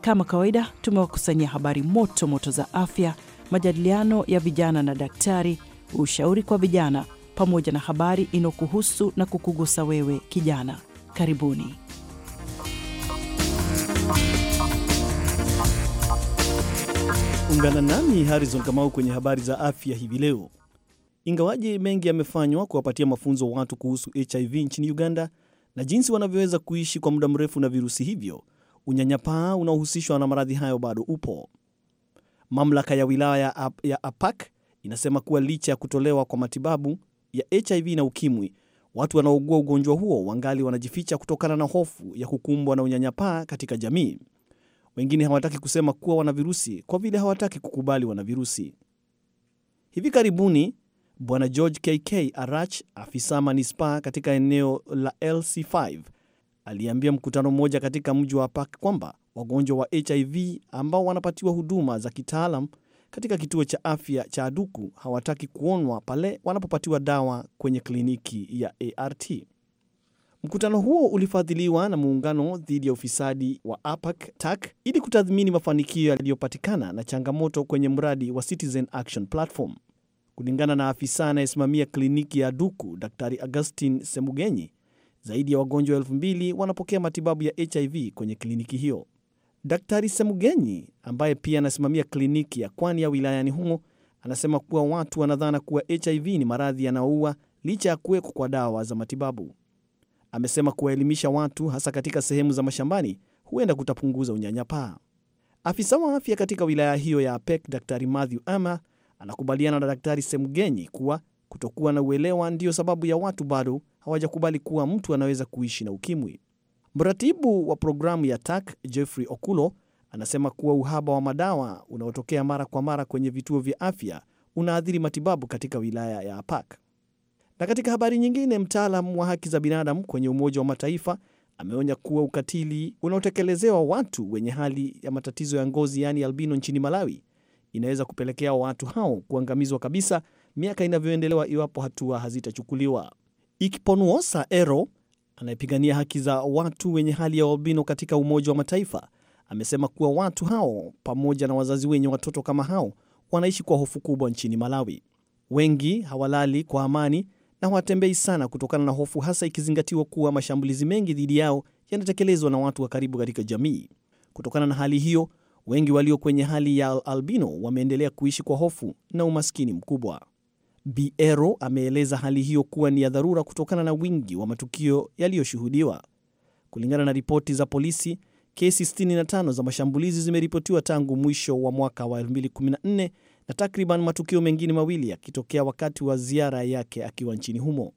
Kama kawaida, tumewakusanyia habari moto moto za afya, majadiliano ya vijana na daktari, ushauri kwa vijana, pamoja na habari inayokuhusu na kukugusa wewe kijana. Karibuni. Ungana nami Harrison Kamau kwenye habari za afya hivi leo. Ingawaje mengi yamefanywa kuwapatia mafunzo watu kuhusu HIV nchini Uganda na jinsi wanavyoweza kuishi kwa muda mrefu na virusi hivyo, unyanyapaa unaohusishwa na maradhi hayo bado upo. Mamlaka ya wilaya ya Apak inasema kuwa licha ya kutolewa kwa matibabu ya HIV na ukimwi, watu wanaougua ugonjwa huo wangali wanajificha kutokana na hofu ya kukumbwa na unyanyapaa katika jamii. Wengine hawataki kusema kuwa wana virusi kwa vile hawataki kukubali wana virusi. Hivi karibuni Bwana George KK Arach, afisa manispaa katika eneo la LC5, aliambia mkutano mmoja katika mji wa Park kwamba wagonjwa wa HIV ambao wanapatiwa huduma za kitaalam katika kituo cha afya cha Aduku hawataki kuonwa pale wanapopatiwa dawa kwenye kliniki ya ART. Mkutano huo ulifadhiliwa na muungano dhidi ya ufisadi wa APAC TAC ili kutathmini mafanikio yaliyopatikana na changamoto kwenye mradi wa Citizen Action Platform. Kulingana na afisa anayesimamia kliniki ya Aduku, Daktari Augustin Semugenyi, zaidi ya wagonjwa elfu mbili wanapokea matibabu ya HIV kwenye kliniki hiyo. Daktari Semugenyi ambaye pia anasimamia kliniki ya kwani ya wilayani humo anasema kuwa watu wanadhana kuwa HIV ni maradhi yanaoua licha ya kuwekwa kwa dawa za matibabu. Amesema kuwaelimisha watu hasa katika sehemu za mashambani huenda kutapunguza unyanyapaa. Afisa wa afya katika wilaya hiyo ya Apek, Daktari Matthew Ama, anakubaliana na Daktari Semugenyi kuwa kutokuwa na uelewa ndiyo sababu ya watu bado hawajakubali kuwa mtu anaweza kuishi na ukimwi. Mratibu wa programu ya tak Jeffrey Okulo anasema kuwa uhaba wa madawa unaotokea mara kwa mara kwenye vituo vya afya unaathiri matibabu katika wilaya ya Apak. Na katika habari nyingine, mtaalam wa haki za binadamu kwenye Umoja wa Mataifa ameonya kuwa ukatili unaotekelezewa watu wenye hali ya matatizo ya ngozi yaani albino nchini Malawi inaweza kupelekea watu hao kuangamizwa kabisa miaka inavyoendelewa iwapo hatua hazitachukuliwa ikponuosa Ero anayepigania haki za watu wenye hali ya albino katika Umoja wa Mataifa amesema kuwa watu hao pamoja na wazazi wenye watoto kama hao wanaishi kwa hofu kubwa nchini Malawi. Wengi hawalali kwa amani na hawatembei sana kutokana na hofu, hasa ikizingatiwa kuwa mashambulizi mengi dhidi yao yanatekelezwa na watu wa karibu katika jamii. Kutokana na hali hiyo, wengi walio kwenye hali ya albino wameendelea kuishi kwa hofu na umaskini mkubwa. Biero ameeleza hali hiyo kuwa ni ya dharura kutokana na wingi wa matukio yaliyoshuhudiwa. Kulingana na ripoti za polisi, kesi 65 za mashambulizi zimeripotiwa tangu mwisho wa mwaka wa 2014 na takriban matukio mengine mawili yakitokea wakati wa ziara yake akiwa nchini humo.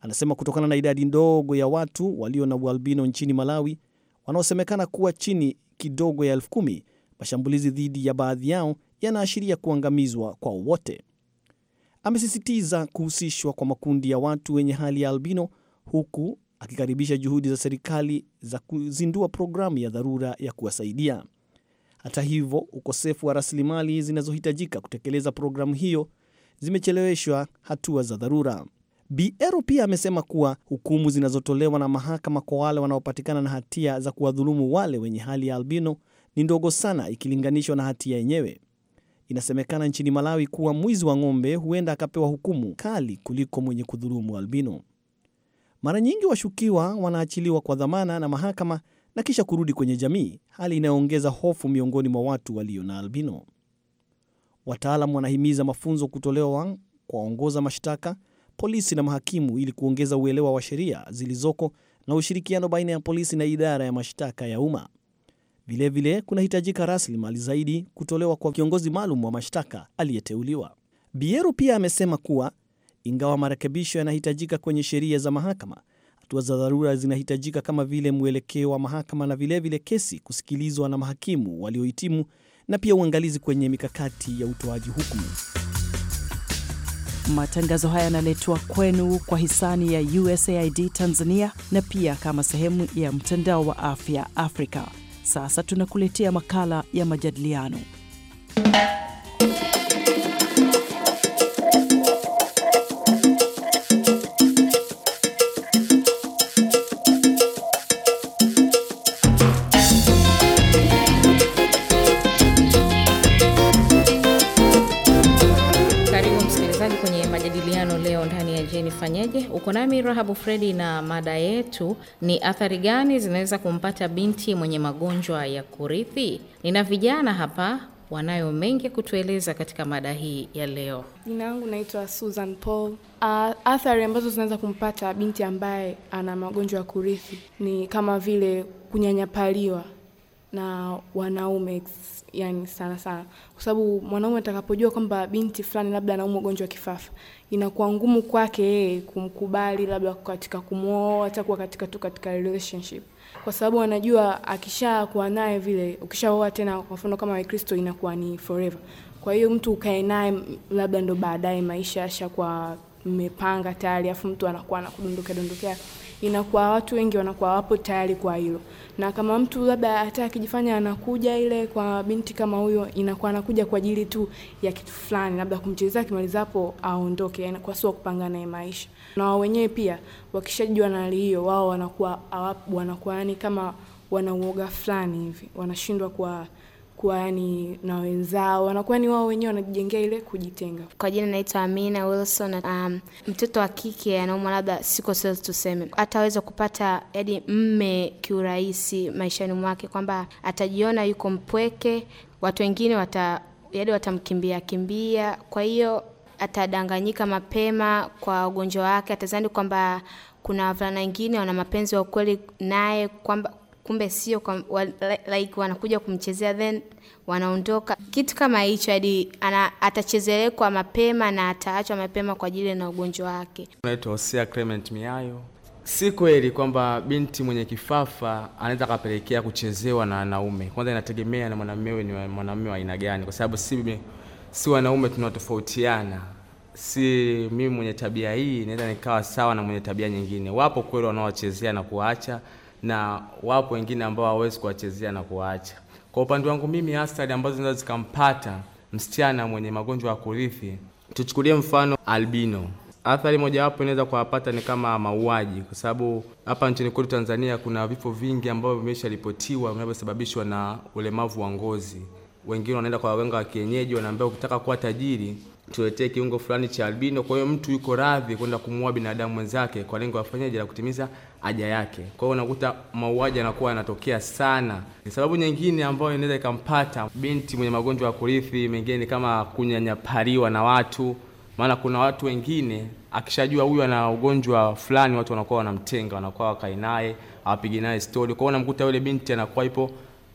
Anasema kutokana na idadi ndogo ya watu walio na ualbino nchini Malawi wanaosemekana kuwa chini kidogo ya elfu kumi, mashambulizi dhidi ya baadhi yao yanaashiria kuangamizwa kwa wote amesisitiza kuhusishwa kwa makundi ya watu wenye hali ya albino huku akikaribisha juhudi za serikali za kuzindua programu ya dharura ya kuwasaidia. Hata hivyo, ukosefu wa rasilimali zinazohitajika kutekeleza programu hiyo zimecheleweshwa hatua za dharura. Biero pia amesema kuwa hukumu zinazotolewa na mahakama kwa wale wanaopatikana na hatia za kuwadhulumu wale wenye hali ya albino ni ndogo sana ikilinganishwa na hatia yenyewe. Inasemekana nchini Malawi kuwa mwizi wa ng'ombe huenda akapewa hukumu kali kuliko mwenye kudhulumu albino. Mara nyingi washukiwa wanaachiliwa kwa dhamana na mahakama na kisha kurudi kwenye jamii, hali inayoongeza hofu miongoni mwa watu walio na albino. Wataalam wanahimiza mafunzo kutolewa kwa waongoza mashtaka, polisi na mahakimu ili kuongeza uelewa wa sheria zilizoko na ushirikiano baina ya polisi na idara ya mashtaka ya umma. Vilevile kunahitajika rasilimali zaidi kutolewa kwa kiongozi maalum wa mashtaka aliyeteuliwa. Biero pia amesema kuwa ingawa marekebisho yanahitajika kwenye sheria za mahakama, hatua za dharura zinahitajika kama vile mwelekeo wa mahakama na vilevile kesi kusikilizwa na mahakimu waliohitimu na pia uangalizi kwenye mikakati ya utoaji hukumu. Matangazo haya yanaletwa kwenu kwa hisani ya USAID Tanzania na pia kama sehemu ya mtandao wa afya Afrika. Sasa tunakuletea makala ya majadiliano Uko nami Rahabu Fredi, na mada yetu ni athari gani zinaweza kumpata binti mwenye magonjwa ya kurithi. Nina vijana hapa wanayo mengi ya kutueleza katika mada hii ya leo. Jina langu naitwa Susan Paul. Uh, athari ambazo zinaweza kumpata binti ambaye ana magonjwa ya kurithi ni kama vile kunyanyapaliwa na wanaume yani sana sana, kwa sababu mwanaume atakapojua kwamba binti fulani labda anaumwa ugonjwa wa kifafa, inakuwa ngumu kwake yeye kumkubali labda katika kumwoa, hata katika tu katika relationship, kwa sababu anajua akishakuwa naye vile, ukishaoa tena, kwa mfano kama Wakristo, inakuwa ni forever. Kwa hiyo mtu ukae naye labda ndo baadaye maisha ashakuwa mmepanga tayari, afu mtu anakuwa anakudondokea dondokea inakuwa watu wengi wanakuwa wapo tayari kwa hilo, na kama mtu labda hata akijifanya anakuja ile kwa binti kama huyo, inakuwa anakuja kwa ajili tu ya kitu fulani, labda kumchezea, kimalizapo aondoke, yani kwa sio kupanga naye maisha. Na wao wenyewe pia wakishajua na hali hiyo, wao wanakuwa wanakuwa yani kama wanauoga fulani hivi, wanashindwa kwa kuwa yani na wenzao, wanakuwa ni wao wenyewe wanajijengea ile kujitenga. Kwa jina naitwa Amina Wilson. Um, mtoto wa kike anaumwa labda siko sales tuseme, ataweza kupata yani mme kiurahisi maishani mwake, kwamba atajiona yuko mpweke, watu wengine wata yani watamkimbia kimbia, kwa hiyo atadanganyika mapema kwa ugonjwa wake, atazani kwamba kuna wavulana wengine wana mapenzi ya ukweli naye, kwamba kumbe sio wa, like wanakuja kumchezea then wanaondoka, kitu kama hicho, hadi atachezelekwa mapema na ataachwa mapema kwa ajili na ugonjwa wake. Naitwa Hosea Clement Miayo. Si kweli kwamba binti mwenye kifafa anaweza akapelekea kuchezewa na wanaume. Kwanza inategemea na mwanamume ni mwanamume wa aina gani, kwa sababu si, si wanaume tunatofautiana. Si mimi mwenye tabia hii naweza nikawa sawa na mwenye tabia nyingine. Wapo kweli wanaochezea na kuacha na wapo wengine ambao hawezi kuwachezea na kuwaacha. Kwa upande wangu mimi, athari ambazo zinaweza zikampata msichana mwenye magonjwa ya kurithi, tuchukulie mfano albino Athari mojawapo inaweza kuwapata ni kama mauaji, kwa sababu hapa nchini kwetu Tanzania kuna vifo vingi ambavyo vimesharipotiwa vinavyosababishwa na ulemavu wa ngozi. Wengine wanaenda kwa waganga wa kienyeji, wanaambia ukitaka kuwa tajiri tuletee kiungo fulani cha albino. Kwa hiyo mtu yuko radhi kwenda kumuua binadamu mwenzake kwa lengo afanyaje la kutimiza haja yake. Kwa hiyo unakuta mauaji yanakuwa yanatokea sana. Ni sababu nyingine ambayo inaweza ikampata binti mwenye magonjwa ya kurithi, mengine kama kunyanyapaliwa na watu, maana kuna watu wengine akishajua huyu ana ugonjwa fulani, watu wanakuwa wanamtenga, wanakuwa wakae naye, hawapigi naye stori. Kwa hiyo unamkuta yule binti anakuwa ipo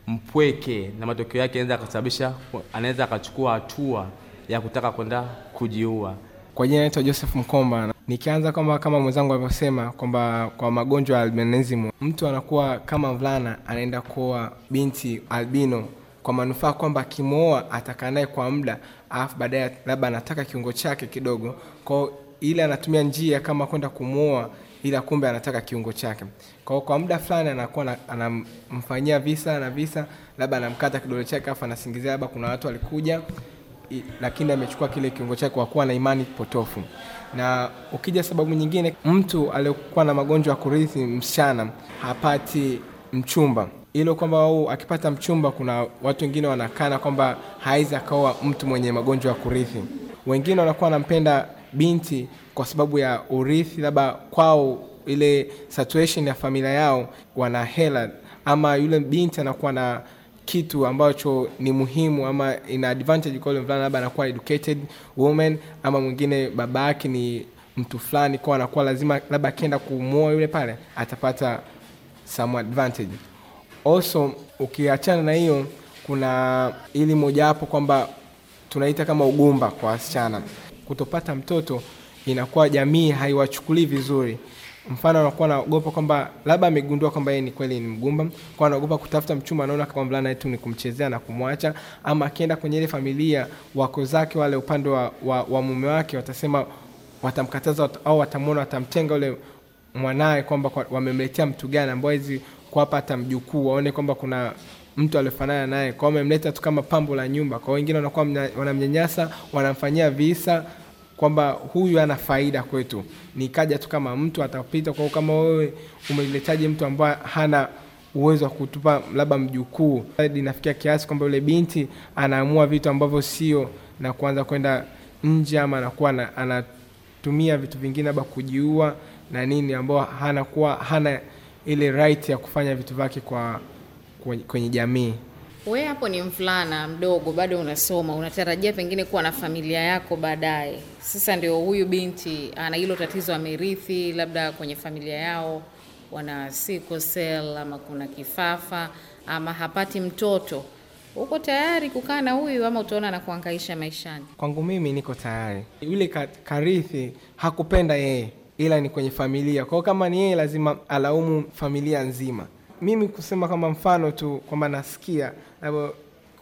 mpweke, na matokeo yake anaweza akasababisha, anaweza akachukua hatua ya kutaka kwenda kujiua. Kwa jina naitwa Joseph Mkomba. Nikianza kwamba kama mwenzangu alivyosema kwamba kwa magonjwa ya albinism mtu anakuwa kama mvulana anaenda kuoa binti albino kwa manufaa kwamba akimwoa atakaa naye kwa muda, alafu baadaye labda anataka kiungo chake kidogo kwao, ile anatumia njia kama kwenda kumwoa, ila kumbe anataka kiungo chake kwao. Kwa muda fulani anakuwa anamfanyia visa na visa, labda anamkata kidole chake, alafu anasingizia labda kuna watu walikuja lakini amechukua kile kiungo chake kwa kuwa na imani potofu. Na ukija sababu nyingine, mtu aliyokuwa na magonjwa ya kurithi, msichana hapati mchumba, ilo kwamba au akipata mchumba, kuna watu wengine wanakana kwamba hawezi akaoa mtu mwenye magonjwa ya kurithi. Wengine wanakuwa wanampenda binti kwa sababu ya urithi, labda kwao ile situation ya familia yao, wana hela ama yule binti anakuwa na kitu ambacho ni muhimu ama ina advantage kwa yule mvulana, labda anakuwa educated woman ama mwingine baba yake ni mtu fulani, kwa anakuwa lazima labda akienda kumuoa yule pale atapata some advantage. Also ukiachana na hiyo, kuna ili mojawapo kwamba tunaita kama ugumba kwa wasichana, kutopata mtoto inakuwa jamii haiwachukulii vizuri mfano anakuwa anaogopa kwamba labda amegundua kwamba yeye ni kweli ni mgumba, kwa anaogopa kutafuta mchumba, anaona kama mvulana wetu ni kumchezea na kumwacha, ama akienda kwenye ile familia wako zake wale upande wa, wa, wa mume wake watasema, watamkataza au watamwona, watamtenga ule mwanaye kwamba kwa, wamemletea mtu gani ambao hizi kuwapa hata mjukuu waone kwamba kuna mtu aliyofanana naye, kwa wamemleta tu kama pambo la nyumba. Kwa wengine wanakuwa wanamnyanyasa, wanamfanyia visa kwamba huyu ana faida kwetu. Nikaja tu kama mtu atapita kwa kama wewe umeletaje mtu ambaye hana uwezo wa kutupa labda mjukuu. Hadi nafikia kiasi kwamba yule binti anaamua vitu ambavyo sio, na kuanza kwenda nje ama anakuwa anatumia vitu vingine labda kujiua na nini, ambao hanakuwa hana ile right ya kufanya vitu vyake kwa kwenye jamii. We hapo ni mfulana mdogo, bado unasoma, unatarajia pengine kuwa na familia yako baadaye. Sasa ndio huyu binti ana hilo tatizo, amerithi labda kwenye familia yao wana sickle cell ama kuna kifafa ama hapati mtoto. Uko tayari kukaa na huyu ama utaona na kuangaisha maishani? Kwangu mimi niko tayari. Yule karithi hakupenda yeye, ila ni kwenye familia kwao. Kama ni yeye, lazima alaumu familia nzima mimi kusema kama mfano tu kwamba nasikia labda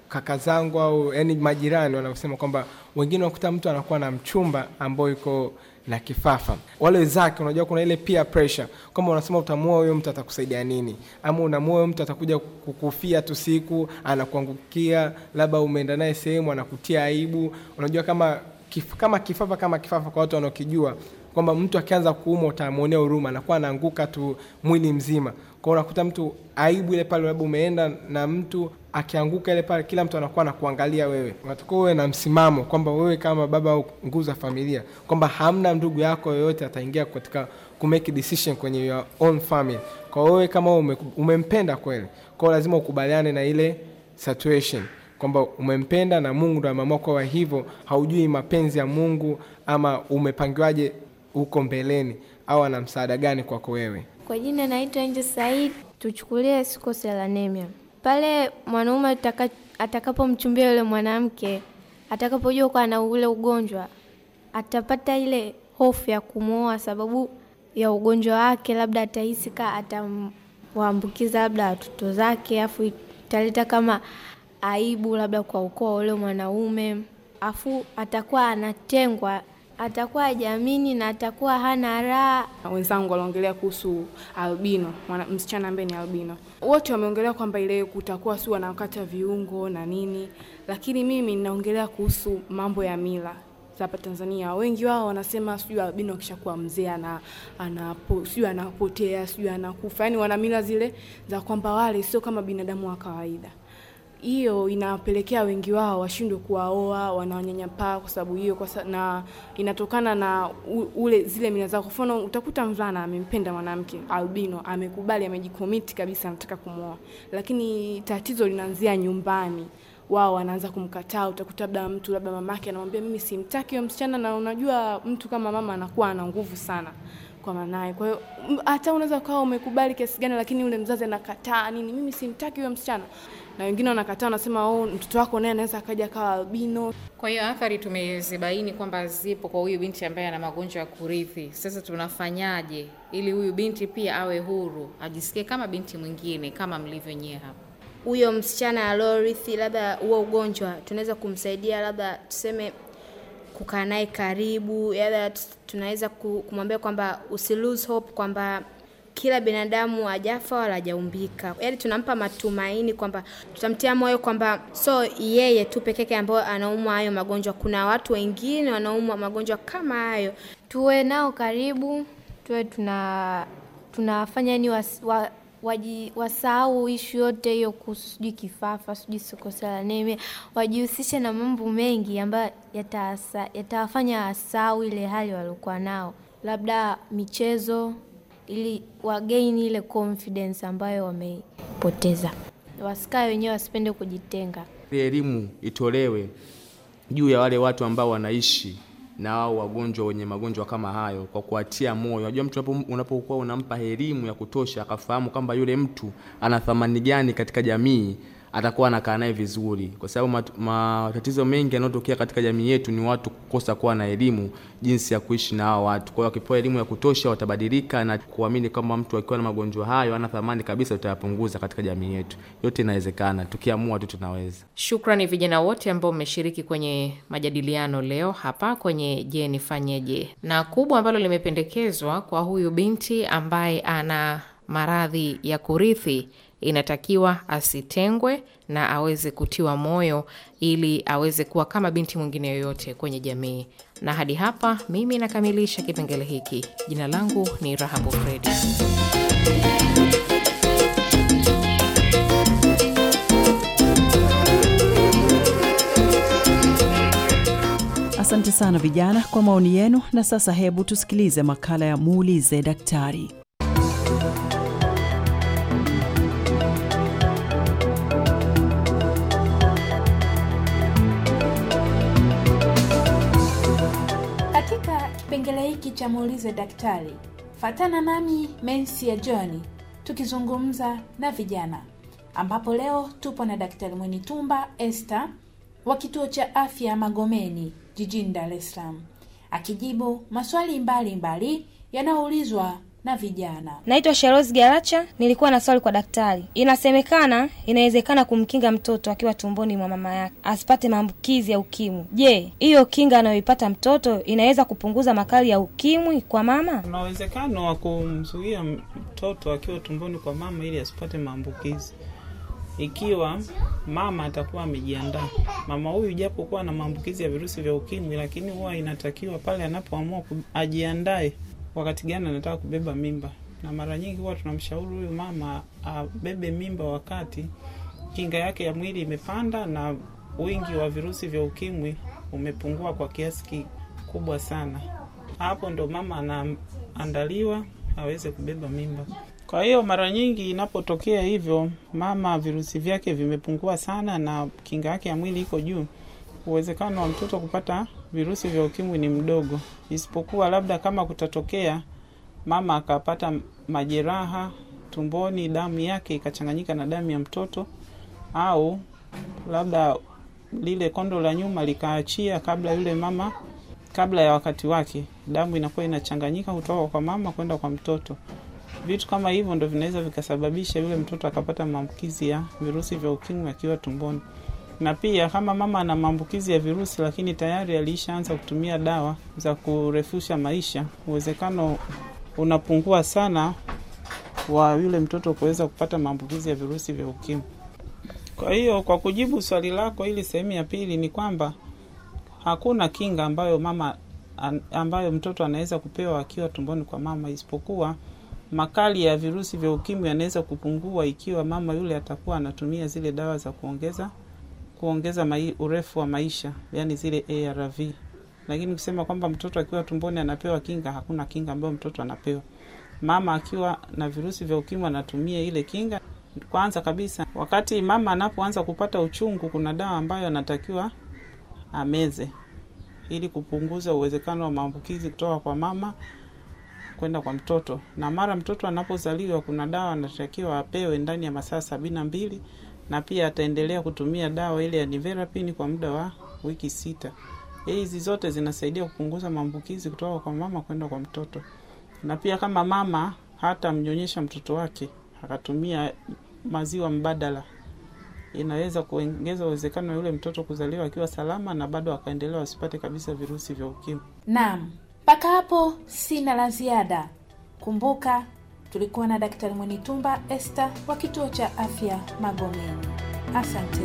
kaka zangu au yani majirani wanasema kwamba wengine wakuta mtu anakuwa na mchumba ambao iko na kifafa, wale wezake Unajua kuna ile peer pressure kwamba unasema utamuoa huyo mtu atakusaidia nini, ama unamuoa huyo mtu atakuja kukufia tu siku, anakuangukia, labda umeenda naye sehemu anakutia aibu. Unajua kama kif, kama kifafa kama kifafa, kwa watu wanaokijua kwamba mtu akianza kuumwa utamwonea huruma, anakuwa anaanguka tu mwili mzima. Kwa unakuta mtu aibu ile pale, labda umeenda na mtu akianguka ile pale, kila mtu anakuwa anakuangalia wewe. Unatakiwa uwe na msimamo kwamba wewe kama baba au nguzo ya familia, kwamba hamna ndugu yako yoyote ataingia katika kumake decision kwenye your own family. Kwa wewe kama ume, umempenda kweli, kwa lazima ukubaliane na ile situation kwamba umempenda na Mungu ndo ameamua kwa hivyo, haujui mapenzi ya Mungu ama umepangiwaje huko mbeleni, au ana msaada gani kwako wewe. Kwa jina naitwa Angel Said, tuchukulie siko Pale mwanaume atakapomchumbia yule mwanamke, atakapojua kwa ana ule ugonjwa, atapata ile hofu ya kumwoa sababu ya ugonjwa wake, labda atahisi ka atamwambukiza labda watoto zake, afu italeta kama aibu labda kwa ukoo ule mwanaume, afu atakuwa anatengwa, atakuwa ajamini na atakuwa hana raha. Wenzangu waliongelea kuhusu albino, msichana ambaye ni albino, wote wameongelea kwamba ile kutakuwa si wanakata viungo na nini, lakini mimi ninaongelea kuhusu mambo ya mila hapa Tanzania wengi wao wanasema sijui albino akishakuwa mzee ana anapo sijui anapotea sijui anakufa, yani wana mila zile za kwamba wale sio kama binadamu wa kawaida hiyo inawapelekea wengi wao washindwe kuwaoa, wanawanyanyapaa kwa sababu hiyo, na inatokana na u, ule zile mila zao. Kwa mfano, utakuta mvulana amempenda mwanamke albino, amekubali, amejikomiti kabisa, anataka kumwoa, lakini tatizo linaanzia nyumbani wao wanaanza kumkataa. Utakuta labda mtu labda mamake anamwambia mimi simtaki huyo msichana, na unajua mtu kama mama anakuwa ana nguvu sana kwa mwanae. Kwa hiyo hata unaweza ukawa umekubali kiasi gani, lakini yule mzazi anakataa nini, mimi simtaki huyo msichana. Na wengine wanakataa, wanasema oh, mtoto wako naye anaweza akaja akawa albino. Kwa hiyo athari tumezibaini kwamba zipo kwa huyu binti ambaye ana magonjwa ya kurithi. Sasa tunafanyaje ili huyu binti pia awe huru, ajisikie kama binti mwingine kama mlivyo nyie hapa? Huyo msichana aliorithi labda huo ugonjwa, tunaweza kumsaidia labda tuseme kukaa naye karibu, yada tunaweza kumwambia kwamba usi lose hope kwamba kila binadamu hajafa wala ajaumbika yaani tunampa matumaini kwamba tutamtia moyo kwamba so yeye tu pekeke ambayo anaumwa hayo magonjwa, kuna watu wengine wanaumwa magonjwa kama hayo. Tuwe nao karibu, tuwe tuna tunafanya ni waji wasahau ishu yote hiyo kuhusu sijui kifafa sijui sikosalaneme, wajihusishe na mambo mengi ambayo yatawafanya yata wasahau ile hali waliokuwa nao, labda michezo, ili wageini ile confidence ambayo wameipoteza. Wasikae wenyewe, wasipende kujitenga. Elimu itolewe juu ya wale watu ambao wanaishi na wao wagonjwa wenye magonjwa kama hayo kwa kuatia moyo. Unajua, mtu unapokuwa unampa elimu ya kutosha akafahamu kwamba yule mtu ana thamani gani katika jamii atakuwa anakaa naye vizuri, kwa sababu matatizo mengi yanayotokea katika jamii yetu ni watu kukosa kuwa na elimu jinsi ya kuishi na hao watu. Kwa hiyo wakipewa elimu ya kutosha, watabadilika na kuamini kwamba mtu akiwa na magonjwa hayo ana thamani kabisa, tutayapunguza katika jamii yetu. Yote inawezekana, tukiamua tu tunaweza. Shukrani vijana wote ambao mmeshiriki kwenye majadiliano leo hapa kwenye Je Nifanyeje, na kubwa ambalo limependekezwa kwa huyu binti ambaye ana maradhi ya kurithi inatakiwa asitengwe na aweze kutiwa moyo ili aweze kuwa kama binti mwingine yoyote kwenye jamii. Na hadi hapa mimi nakamilisha kipengele hiki. Jina langu ni Rahabu Fredi. Asante sana vijana kwa maoni yenu, na sasa hebu tusikilize makala ya muulize daktari. cha muulize daktari. Fatana nami ya John tukizungumza na vijana, ambapo leo tupo na Daktari Mwenitumba este wa kituo cha afya Magomeni jijini Dar es Salaam akijibu maswali mbalimbali yanayoulizwa na vijana. Naitwa Sheroz Garacha, nilikuwa na swali kwa daktari. Inasemekana inawezekana kumkinga mtoto akiwa tumboni mwa mama yake asipate maambukizi ya ukimwi. Je, hiyo kinga anayoipata mtoto inaweza kupunguza makali ya ukimwi kwa mama? Kuna uwezekano wa kumzuia mtoto akiwa tumboni kwa mama ili asipate maambukizi ikiwa mama atakuwa amejiandaa. Mama huyu japokuwa na maambukizi ya virusi vya ukimwi, lakini huwa inatakiwa pale anapoamua ajiandae wakati gani anataka kubeba mimba, na mara nyingi huwa tunamshauri huyu mama abebe mimba wakati kinga yake ya mwili imepanda na wingi wa virusi vya ukimwi umepungua kwa kiasi kikubwa sana. Hapo ndo mama anaandaliwa aweze kubeba mimba. Kwa hiyo mara nyingi inapotokea hivyo, mama virusi vyake vimepungua sana na kinga yake ya mwili iko juu, uwezekano wa mtoto kupata virusi vya ukimwi ni mdogo, isipokuwa labda kama kutatokea mama akapata majeraha tumboni, damu yake ikachanganyika na damu ya mtoto, au labda lile kondo la nyuma likaachia kabla yule mama, kabla ya wakati wake, damu inakuwa inachanganyika kutoka kwa mama kwenda kwa mtoto. Vitu kama hivyo ndo vinaweza vikasababisha yule mtoto akapata maambukizi ya virusi vya ukimwi akiwa tumboni na pia kama mama ana maambukizi ya virusi lakini tayari aliishaanza kutumia dawa za kurefusha maisha, uwezekano unapungua sana wa yule mtoto kuweza kupata maambukizi ya virusi vya ukimwi. Kwa hiyo kwa kujibu swali lako, ili sehemu ya pili ni kwamba hakuna kinga ambayo mama ambayo mtoto anaweza kupewa akiwa tumboni kwa mama, isipokuwa makali ya virusi vya ukimwi yanaweza kupungua ikiwa mama yule atakuwa anatumia zile dawa za kuongeza kuongeza mai, urefu wa maisha, yani zile ARV. Lakini kusema kwamba mtoto akiwa tumboni anapewa kinga, hakuna kinga ambayo mtoto anapewa. Mama akiwa na virusi vya ukimwi anatumia ile kinga. Kwanza kabisa, wakati mama anapoanza kupata uchungu, kuna dawa ambayo anatakiwa ameze ili kupunguza uwezekano wa maambukizi kutoka kwa mama kwenda kwa mtoto. Na mara mtoto anapozaliwa, kuna dawa anatakiwa apewe ndani ya masaa sabini na mbili na pia ataendelea kutumia dawa ile ya Nevirapine kwa muda wa wiki sita. Hizi zote zinasaidia kupunguza maambukizi kutoka kwa mama kwenda kwa mtoto. Na pia kama mama hata mnyonyesha mtoto wake akatumia maziwa mbadala, inaweza kuongeza uwezekano wa yule mtoto kuzaliwa akiwa salama na bado akaendelea asipate kabisa virusi vya ukimwi. Naam, mpaka hapo sina la ziada. Kumbuka Tulikuwa na Daktari Mwenitumba este wa kituo cha afya Magomeni. Asante.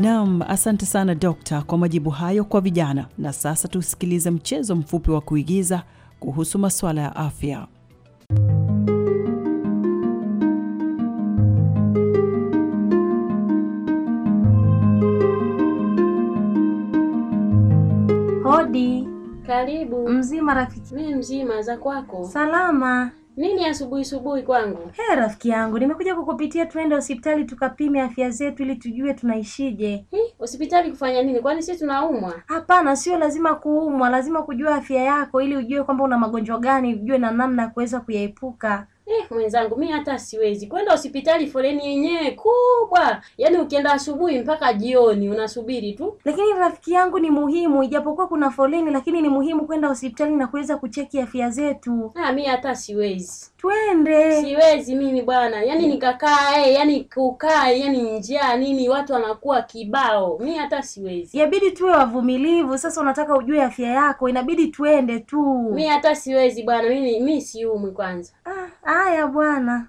nam asante sana dokta, kwa majibu hayo kwa vijana. Na sasa tusikilize mchezo mfupi wa kuigiza kuhusu masuala ya afya. Rudi. Karibu. Mzima rafiki? Mimi mzima, za kwako? Salama. Nini asubuhi asubuhi kwangu? Hey, rafiki yangu, nimekuja kukupitia tuende hospitali tukapime afya zetu ili tujue tunaishije. hospitali kufanya nini? Kwani sisi tunaumwa? Hapana, sio lazima kuumwa, lazima kujua afya yako ili ujue kwamba una magonjwa gani, ujue na namna ya kuweza kuyaepuka. Eh, mwenzangu mi hata siwezi kwenda hospitali, foleni yenyewe kubwa, yaani ukienda asubuhi mpaka jioni unasubiri tu. Lakini rafiki yangu, ni muhimu, ijapokuwa kuna foleni, lakini ni muhimu kwenda hospitali na kuweza kucheki afya zetu. Ah, mi hata siwezi. Twende. Siwezi mimi bwana, yaani nikakaa eh, yaani kukaa, yaani njia nini, watu wanakuwa kibao, mi hata siwezi. Yabidi tuwe wavumilivu. Sasa unataka ujue afya yako, inabidi tuende tu. Mi hata siwezi bwana, mi mi siumwi kwanza. Ah, Aya bwana.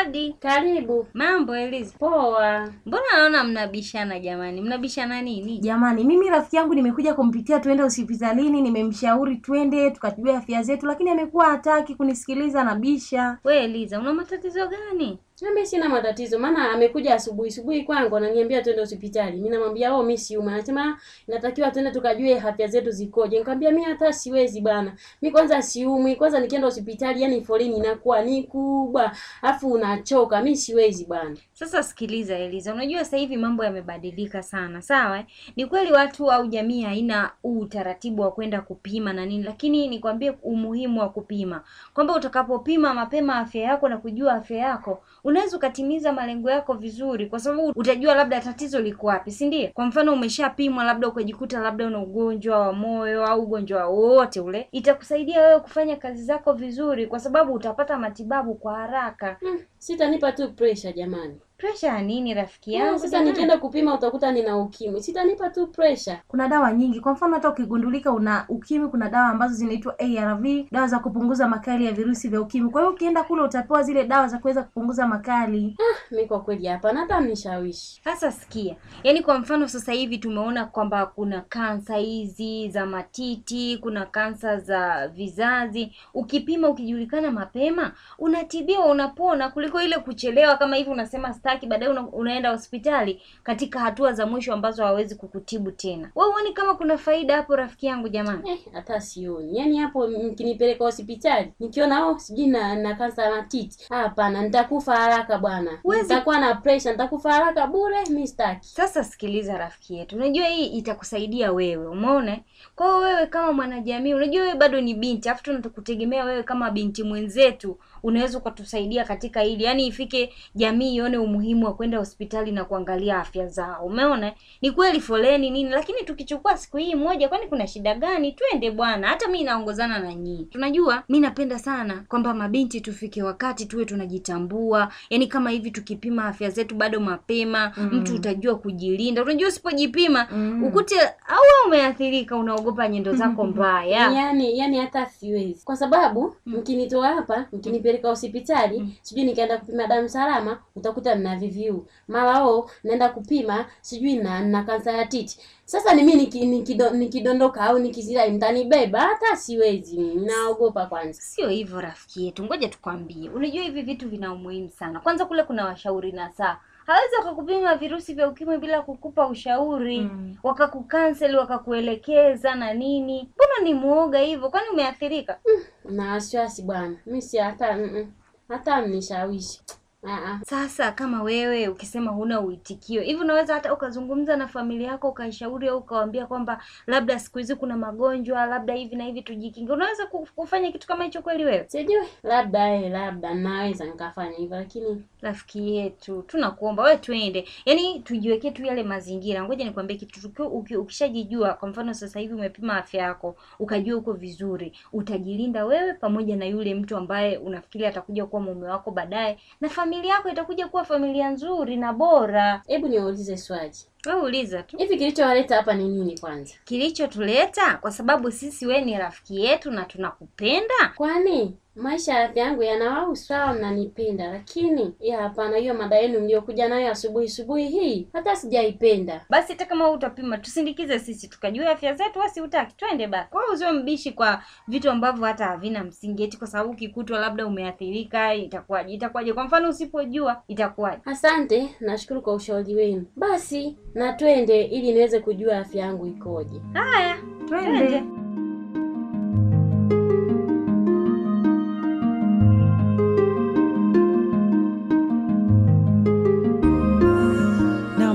Odi, karibu. Mambo Eliza? Poa. Mbona naona mnabishana jamani? Mnabishana nini? Jamani, mimi rafiki yangu nimekuja kumpitia tuende hospitalini, nimemshauri twende tukajua afya zetu, lakini amekuwa hataki kunisikiliza na bisha. We Eliza, una matatizo gani? Niambia sina matatizo maana amekuja asubuhi asubuhi kwangu ananiambia twende hospitali. Mimi namwambia oh, mimi siuma. Anasema inatakiwa twende tukajue afya zetu zikoje. Nikamwambia mimi hata siwezi bana. Mimi kwanza siumwi, kwanza nikienda hospitali yani foleni inakuwa ni kubwa, afu unachoka. Mimi siwezi bana. Sasa sikiliza Eliza, unajua sasa hivi mambo yamebadilika sana, sawa? Eh? Ni kweli watu au jamii haina utaratibu wa kwenda kupima na nini, lakini nikwambie umuhimu wa kupima. Kwamba utakapopima mapema afya yako na kujua afya yako, unaweza ukatimiza malengo yako vizuri, kwa sababu utajua labda tatizo liko wapi, si ndio? Kwa mfano umeshapimwa, labda ukajikuta labda una ugonjwa wa moyo au ugonjwa wowote ule, itakusaidia wewe kufanya kazi zako vizuri, kwa sababu utapata matibabu kwa haraka. Hmm, sitanipa tu pressure jamani presha ya nini rafiki yaani yangu? Sasa nikienda kupima utakuta nina ukimwi, sitanipa tu presha. Kuna dawa nyingi, kwa mfano hata ukigundulika una ukimwi, kuna dawa ambazo zinaitwa ARV, dawa za kupunguza makali ya virusi vya ukimwi. Kwa hiyo ukienda kule utapewa zile dawa za kuweza kupunguza makali. Ah, mi kwa kweli hapa hata mnishawishi sasa. Sikia, yaani kwa mfano sasa hivi tumeona kwamba kuna kansa hizi za matiti, kuna kansa za vizazi. Ukipima ukijulikana mapema, unatibiwa unapona, kuliko ile kuchelewa kama hivi unasema laki, baadaye una, unaenda hospitali katika hatua za mwisho ambazo hawawezi kukutibu tena. Wewe uone kama kuna faida hapo rafiki yangu jamani? Eh, hata eh, sioni. Yaani hapo mkinipeleka hospitali nikiona oh, sijui na na kansa ya matiti. Hapana, nitakufa haraka bwana. Nitakuwa na pressure, nitakufa haraka bure, mimi sitaki. Sasa sikiliza rafiki yetu. Unajua hii itakusaidia wewe. Umeona? Kwa wewe kama mwanajamii, unajua wewe bado ni binti, afu tunatukutegemea wewe kama binti mwenzetu unaweza ukatusaidia katika hili, yaani ifike jamii ione umuhimu wa kwenda hospitali na kuangalia afya zao. Umeona, ni kweli foleni nini, lakini tukichukua siku hii moja, kwani kuna shida gani? Twende bwana, hata mi naongozana na nyinyi. Tunajua mi napenda sana kwamba mabinti tufike wakati tuwe tunajitambua, yaani kama hivi tukipima afya zetu bado mapema mm. mtu utajua kujilinda. Unajua usipojipima mm. ukute au umeathirika, unaogopa nyendo zako mbaya. Yani yani hata siwezi kwa sababu mm. mkinitoa hapa mkinipe nikipeleka hospitali mm. sijui nikaenda kupima damu salama, utakuta nina VVU, mara oh naenda kupima sijui na na kansa ya titi. Sasa ni mimi nikidondoka niki, niki au nikizira mtanibeba, hata siwezi, naogopa kwanza. Sio hivyo rafiki yetu, ngoja tukwambie. Unajua hivi vitu vina umuhimu sana. Kwanza kule kuna washauri na saa hawezi wakakupima virusi vya ukimwi bila kukupa ushauri mm. wakakukansel wakakuelekeza na nini. Mbona ni muoga hivyo? Kwani umeathirika? mm. na wasiwasi bwana, mi si hata mm -mm. hata mnishawishi Aa. Ah, ah. Sasa kama wewe ukisema huna uitikio hivi, unaweza hata ukazungumza na familia yako ukaishauri, au ukawaambia kwamba labda siku hizi kuna magonjwa, labda hivi na hivi tujikinge. Unaweza kufanya kitu kama hicho kweli wewe? Sijui, labda eh, labda naweza nikafanya hivyo, lakini rafiki yetu, tunakuomba wewe, twende yaani tujiweke tu yale mazingira. Ngoja nikwambie kitu, ukishajijua, kwa mfano sasa hivi umepima afya yako, ukajua uko vizuri, utajilinda wewe pamoja na yule mtu ambaye unafikiri atakuja kuwa mume wako baadaye na familia familia yako itakuja kuwa familia nzuri na bora. Hebu niwaulize swaji wewe uliza tu. Hivi kilichowaleta hapa ni nini kwanza? Kilichotuleta kwa sababu sisi we ni rafiki yetu na tunakupenda. Kwani maisha ya yangu yanawau sawa, mnanipenda, lakini ya hapana, hiyo mada yenu mliokuja nayo asubuhi asubuhi hii hata sijaipenda. Basi hata kama utapima, tusindikize sisi tukajue afya zetu, wasi utaki, twende basi. Kwa hiyo usiwe mbishi kwa vitu ambavyo hata havina msingi, eti kwa sababu ukikutwa labda umeathirika, itakuwaje? Itakuwaje? Kwa mfano usipojua itakuwaje? Asante, nashukuru kwa ushauri wenu. Basi na twende, ili niweze kujua afya yangu ikoje. Haya, twende.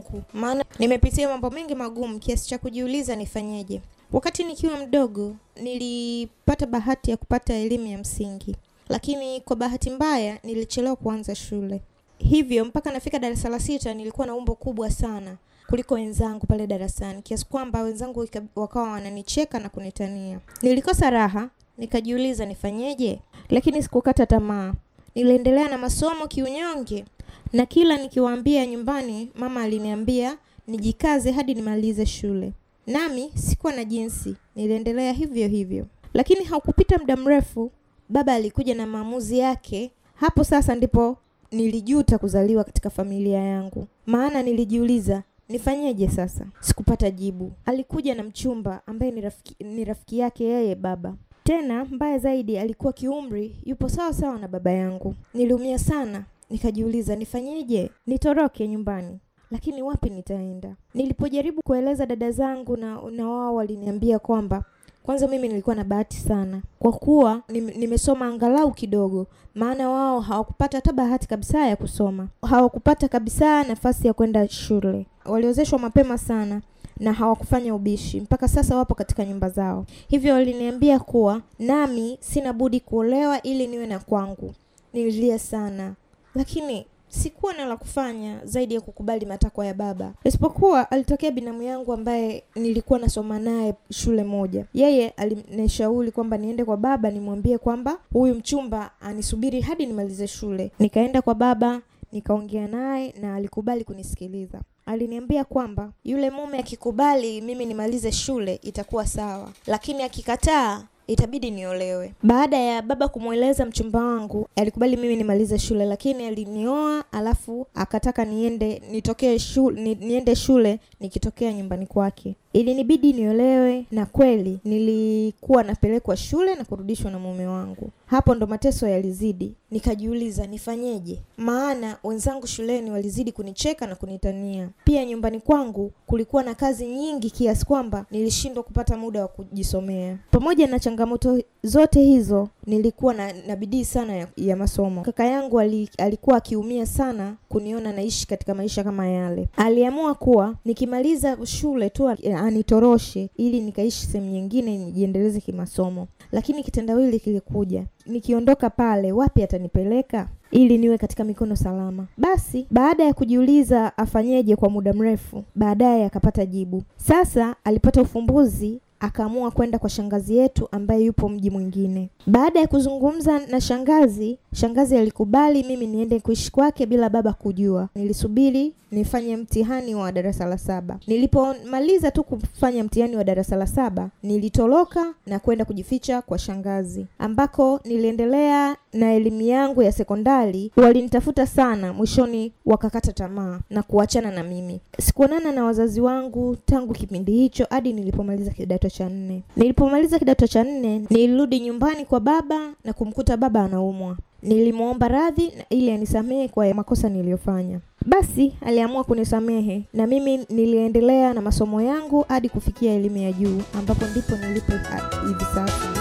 Mungu, maana nimepitia mambo mengi magumu kiasi cha kujiuliza nifanyeje. Wakati nikiwa mdogo nilipata bahati ya kupata elimu ya msingi, lakini kwa bahati mbaya nilichelewa kuanza shule, hivyo mpaka nafika darasa la sita nilikuwa na umbo kubwa sana kuliko wenzangu pale darasani, kiasi kwamba wenzangu wakawa wananicheka na kunitania. Nilikosa raha, nikajiuliza nifanyeje, lakini sikukata tamaa. Niliendelea na masomo kiunyonge na kila nikiwaambia nyumbani, mama aliniambia nijikaze hadi nimalize shule, nami sikuwa na jinsi, niliendelea hivyo hivyo. Lakini haukupita muda mrefu, baba alikuja na maamuzi yake. Hapo sasa ndipo nilijuta kuzaliwa katika familia yangu, maana nilijiuliza nifanyeje sasa? Sikupata jibu. Alikuja na mchumba ambaye ni rafiki, ni rafiki yake yeye baba. Tena mbaya zaidi, alikuwa kiumri yupo sawa sawa na baba yangu. Niliumia sana, Nikajiuliza, nifanyeje? Nitoroke nyumbani, lakini wapi nitaenda? Nilipojaribu kueleza dada zangu, na na wao waliniambia kwamba kwanza mimi nilikuwa na bahati sana kwa kuwa nimesoma angalau kidogo, maana wao hawakupata hata bahati kabisa ya kusoma, hawakupata kabisa nafasi ya kwenda shule, waliozeshwa mapema sana na hawakufanya ubishi, mpaka sasa wapo katika nyumba zao. Hivyo waliniambia kuwa nami sina budi kuolewa ili niwe na kwangu. Nililia sana, lakini sikuwa na la kufanya zaidi ya kukubali matakwa ya baba. Isipokuwa alitokea binamu yangu ambaye nilikuwa nasoma naye shule moja, yeye alinishauri kwamba niende kwa baba nimwambie kwamba huyu mchumba anisubiri hadi nimalize shule. Nikaenda kwa baba nikaongea naye na alikubali kunisikiliza. Aliniambia kwamba yule mume akikubali mimi nimalize shule itakuwa sawa, lakini akikataa itabidi niolewe. Baada ya baba kumweleza mchumba wangu, alikubali mimi nimalize shule, lakini alinioa, alafu akataka niende nitokee shule, ni, niende shule nikitokea nyumbani kwake. Ilinibidi niolewe na kweli nilikuwa napelekwa shule na kurudishwa na mume wangu. Hapo ndo mateso yalizidi, nikajiuliza nifanyeje, maana wenzangu shuleni walizidi kunicheka na kunitania. Pia nyumbani kwangu kulikuwa na kazi nyingi kiasi kwamba nilishindwa kupata muda wa kujisomea. Pamoja na changamoto zote hizo, nilikuwa na, na bidii sana ya, ya masomo. Kaka yangu ali, alikuwa akiumia sana kuniona naishi katika maisha kama yale. Aliamua kuwa nikimaliza shule tu anitoroshe ili nikaishi sehemu nyingine nijiendeleze kimasomo, lakini kitendawili kilikuja. Nikiondoka pale, wapi atanipeleka ili niwe katika mikono salama. Basi baada ya kujiuliza afanyeje kwa muda mrefu, baadaye akapata jibu. Sasa alipata ufumbuzi akaamua kwenda kwa shangazi yetu ambaye yupo mji mwingine. Baada ya kuzungumza na shangazi, shangazi alikubali mimi niende kuishi kwake bila baba kujua. Nilisubiri nifanye mtihani wa darasa la saba. Nilipomaliza tu kufanya mtihani wa darasa la saba, nilitoroka na kwenda kujificha kwa shangazi, ambako niliendelea na elimu yangu ya sekondari. Walinitafuta sana, mwishoni wakakata tamaa na kuachana na mimi. Sikuonana na wazazi wangu tangu kipindi hicho hadi nilipomaliza kidato cha nne. Nilipomaliza kidato cha nne, nilirudi nyumbani kwa baba na kumkuta baba anaumwa. Nilimwomba radhi ili anisamehe kwa makosa niliyofanya. Basi aliamua kunisamehe na mimi niliendelea na masomo yangu hadi kufikia elimu ya juu ambapo ndipo nilipo ah, hivi sasa.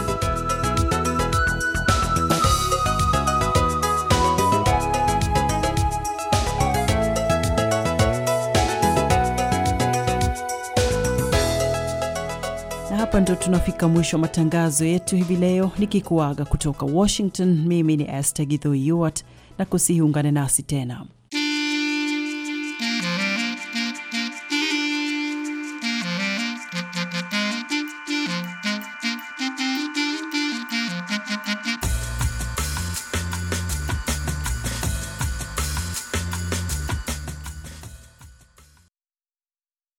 Hapa ndo tunafika mwisho wa matangazo yetu hivi leo, nikikuaga kutoka Washington. Mimi ni Esther Githo Yuart, na kusihi ungane nasi tena.